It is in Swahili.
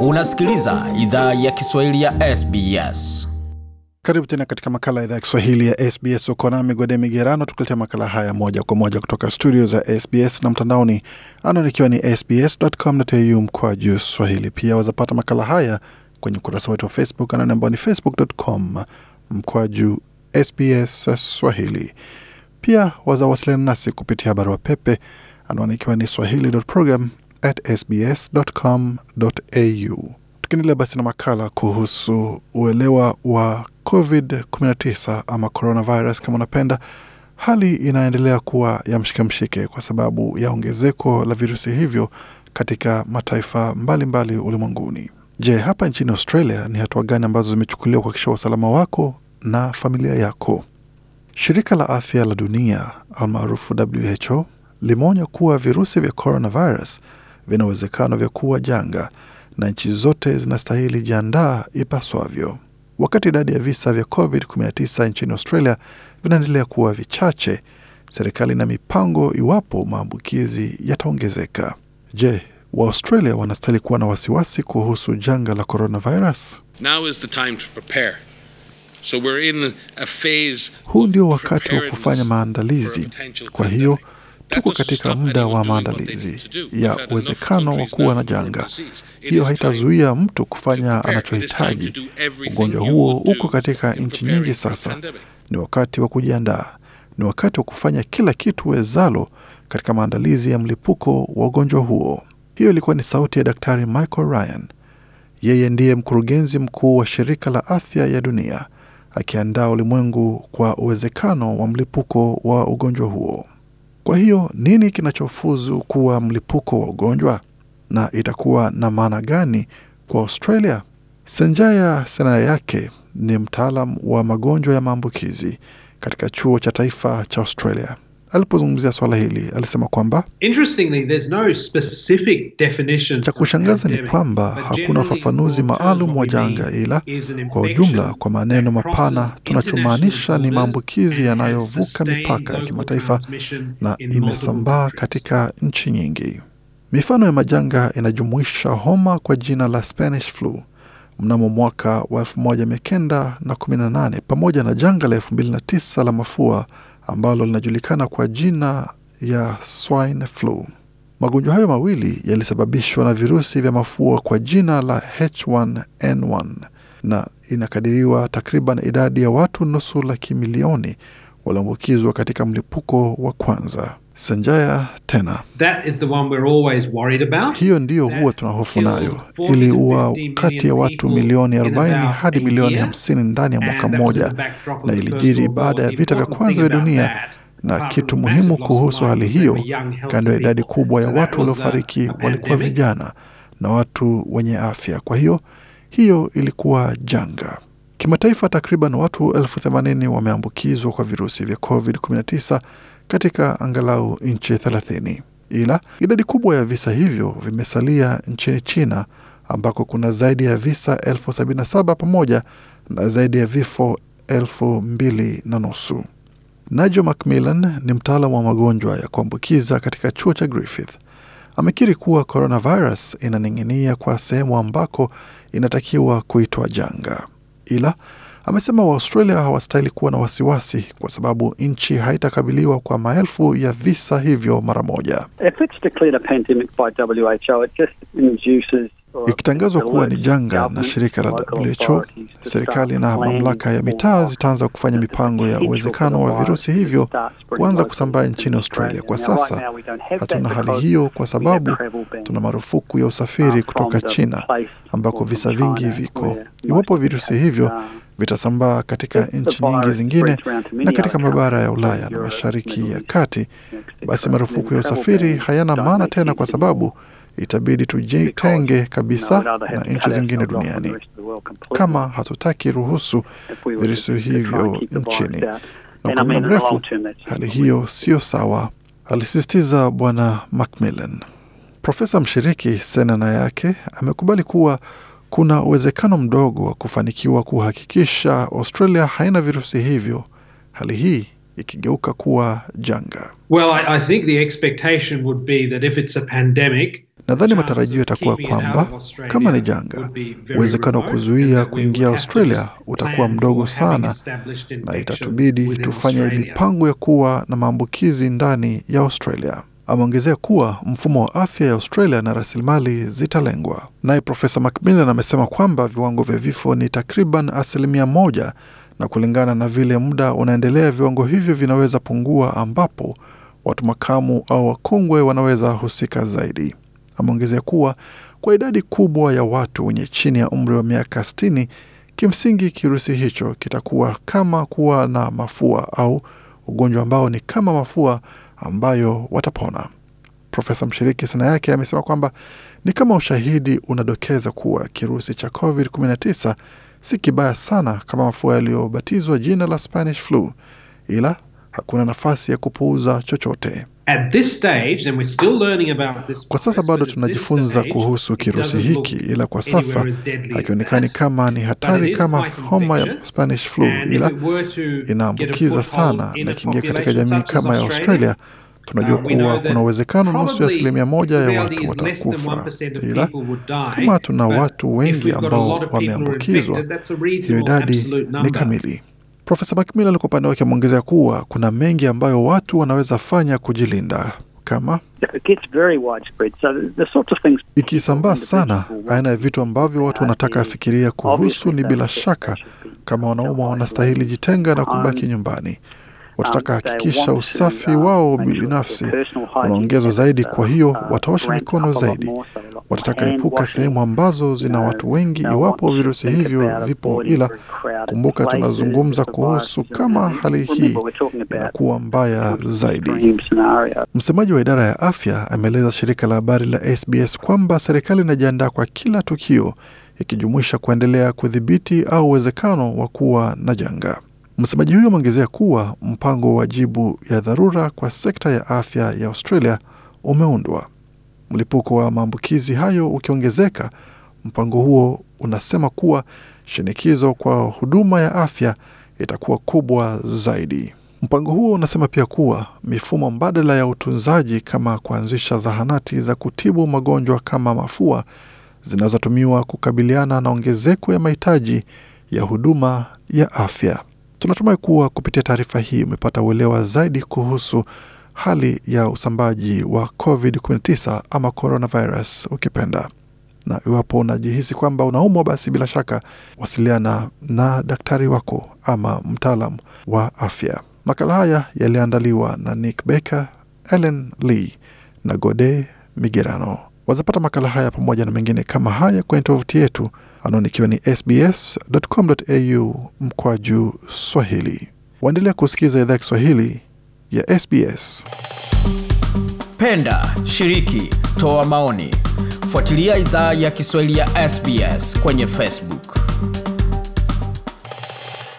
Unasikiliza idhaa ya Kiswahili ya SBS. Karibu tena katika makala ya idhaa ya Kiswahili ya SBS. Uko nami Gode Migerano tukuletea makala haya moja kwa moja kutoka studio za SBS na mtandaoni anaonikiwa ni sbs.com.au mkwa juu swahili. Pia wazapata makala haya kwenye ukurasa wetu wa Facebook anani ambao ni facebook.com mkwa juu SBS Swahili. Pia wazawasiliana nasi kupitia barua pepe anaonikiwa ni swahili.program at sbs.com.au. Tukiendelea basi na makala kuhusu uelewa wa COVID-19 ama coronavirus kama unapenda, hali inaendelea kuwa ya mshike kwa sababu ya ongezeko la virusi hivyo katika mataifa mbalimbali ulimwenguni. Je, hapa nchini Australia ni hatua gani ambazo zimechukuliwa kuhakikisha usalama wako na familia yako? Shirika la afya la dunia almaarufu WHO limeonya kuwa virusi vya coronavirus vina uwezekano vya kuwa janga na nchi zote zinastahili jiandaa ipaswavyo. Wakati idadi ya visa vya COVID-19 nchini Australia vinaendelea kuwa vichache, serikali na mipango iwapo maambukizi yataongezeka. Je, Waaustralia wanastahili kuwa na wasiwasi kuhusu janga la coronavirus? Now is the time to prepare. So we're in a phase. Huu ndio wakati wa kufanya maandalizi. Kwa hiyo Tuko katika muda wa maandalizi ya uwezekano wa kuwa na janga. Hiyo haitazuia mtu kufanya anachohitaji. Ugonjwa huo uko katika nchi nyingi sasa. Ni wakati wa kujiandaa, ni wakati wa kufanya kila kitu wezalo katika maandalizi ya mlipuko wa ugonjwa huo. Hiyo ilikuwa ni sauti ya Daktari Michael Ryan. Yeye ndiye mkurugenzi mkuu wa Shirika la Afya ya Dunia, akiandaa ulimwengu kwa uwezekano wa mlipuko wa ugonjwa huo. Kwa hiyo nini kinachofuzu kuwa mlipuko wa ugonjwa na itakuwa na maana gani kwa Australia? sena yake ni mtaalam wa magonjwa ya maambukizi katika chuo cha taifa cha Australia. Alipozungumzia swala hili alisema kwamba no cha kushangaza ni kwamba hakuna ufafanuzi maalum wa janga, ila kwa ujumla, kwa maneno mapana, tunachomaanisha ni maambukizi yanayovuka mipaka ya kimataifa na imesambaa katika nchi nyingi. Mifano ya majanga inajumuisha homa kwa jina la Spanish flu mnamo mwaka wa 1918 pamoja na janga la 2009 la mafua ambalo linajulikana kwa jina ya swine flu. Magonjwa hayo mawili yalisababishwa na virusi vya mafua kwa jina la H1N1 na inakadiriwa takriban idadi ya watu nusu laki milioni walioambukizwa katika mlipuko wa kwanza. Sanjaya tena, That is the one we're always worried about. Hiyo ndiyo huwa tunahofu nayo, iliua kati ya watu milioni 40 hadi milioni 50 ndani ya mwaka mmoja, na ilijiri baada ya vita vya kwanza vya dunia na kitu muhimu kuhusu hali hiyo, kando ya idadi kubwa ya watu uh, waliofariki walikuwa vijana na watu wenye afya. Kwa hiyo hiyo ilikuwa janga. Kimataifa, takriban watu elfu themanini wameambukizwa kwa virusi vya COVID-19 katika angalau nchi 30, ila idadi kubwa ya visa hivyo vimesalia nchini China ambako kuna zaidi ya visa elfu sabini na saba pamoja na zaidi ya vifo elfu mbili na nusu. Nigel Macmillan ni mtaalamu wa magonjwa ya kuambukiza katika chuo cha Griffith. Amekiri kuwa coronavirus inaning'inia kwa sehemu ambako inatakiwa kuitwa janga ila amesema Waaustralia hawastahili kuwa na wasiwasi kwa sababu nchi haitakabiliwa kwa maelfu ya visa hivyo mara moja ikitangazwa kuwa ni janga na shirika la WHO, serikali na mamlaka ya mitaa zitaanza kufanya mipango ya uwezekano wa virusi hivyo kuanza kusambaa nchini Australia. Kwa sasa hatuna hali hiyo kwa sababu tuna marufuku ya usafiri uh, kutoka China ambako visa vingi viko. Iwapo virusi hivyo vitasambaa katika nchi nyingi zingine na katika mabara ya Ulaya na Mashariki ya Kati, basi marufuku ya usafiri hayana maana tena, kwa sababu itabidi tujitenge kabisa na nchi zingine duniani kama hatutaki ruhusu virusi hivyo nchini, na kwa muda mrefu hali hiyo sio sawa, alisisitiza Bwana Macmillan. Profesa mshiriki senana yake amekubali kuwa kuna uwezekano mdogo wa kufanikiwa kuhakikisha Australia haina virusi hivyo, hali hii ikigeuka kuwa janga. Well, I, I think the expectation would be that if it's a pandemic Nadhani matarajio yatakuwa kwamba kama ni janga, uwezekano wa kuzuia kuingia Australia utakuwa mdogo sana, na itatubidi tufanye mipango ya kuwa na maambukizi ndani ya Australia. Ameongezea kuwa mfumo wa afya ya Australia na rasilimali zitalengwa. Naye Profesa Macmillan amesema kwamba viwango vya vifo ni takriban asilimia moja, na kulingana na vile muda unaendelea, viwango hivyo vinaweza pungua, ambapo watu makamu au wakongwe wanaweza husika zaidi ameongezea kuwa kwa idadi kubwa ya watu wenye chini ya umri wa miaka 60, kimsingi kirusi hicho kitakuwa kama kuwa na mafua au ugonjwa ambao ni kama mafua ambayo watapona. Profesa mshiriki sana yake amesema kwamba ni kama ushahidi unadokeza kuwa kirusi cha COVID-19 si kibaya sana kama mafua yaliyobatizwa jina la Spanish flu, ila hakuna nafasi ya kupuuza chochote. Kwa sasa bado tunajifunza kuhusu kirusi hiki, ila kwa sasa hakionekani kama ni hatari kama homa ya Spanish flu, ila inaambukiza sana, na ikiingia katika jamii kama ya Australia uh, tunajua kuwa kuna uwezekano nusu ya asilimia moja ya watu watakufa, ila kama tuna watu wengi ambao wameambukizwa, hiyo idadi ni kamili. Profesa Macmillan kwa upande wake ameongezea kuwa kuna mengi ambayo watu wanaweza fanya kujilinda kama ikisambaa sana, aina ya vitu ambavyo watu wanataka afikiria kuhusu ni bila shaka, kama wanaumwa wanastahili jitenga na kubaki nyumbani watataka um, hakikisha usafi uh, wao binafsi unaongezwa zaidi, uh, kwa hiyo uh, wataosha mikono zaidi. Watataka epuka sehemu ambazo zina watu wengi iwapo virusi hivyo vipo, ila kumbuka, tunazungumza kuhusu kama hali hii inakuwa mbaya zaidi. Msemaji wa idara ya afya ameeleza shirika la habari la SBS kwamba serikali inajiandaa kwa kila tukio ikijumuisha kuendelea kudhibiti au uwezekano wa kuwa na janga. Msemaji huyo ameongezea kuwa mpango wa jibu ya dharura kwa sekta ya afya ya Australia umeundwa, mlipuko wa maambukizi hayo ukiongezeka. Mpango huo unasema kuwa shinikizo kwa huduma ya afya itakuwa kubwa zaidi. Mpango huo unasema pia kuwa mifumo mbadala ya utunzaji kama kuanzisha zahanati za kutibu magonjwa kama mafua zinazotumiwa kukabiliana na ongezeko ya mahitaji ya huduma ya afya. Tunatumai kuwa kupitia taarifa hii umepata uelewa zaidi kuhusu hali ya usambaji wa COVID-19 ama coronavirus ukipenda, na iwapo unajihisi kwamba unaumwa, basi bila shaka wasiliana na daktari wako ama mtaalam wa afya. Makala haya yaliandaliwa na Nick Baker, Ellen Lee na Gode Migerano. Wazapata makala haya pamoja na mengine kama haya kwenye tovuti yetu anaoni ikiwa ni sbs.com.au mkwa juu swahili. Waendelea kusikiza idhaa ya Kiswahili ya SBS. Penda, shiriki, toa maoni, fuatilia idhaa ya Kiswahili ya SBS kwenye Facebook.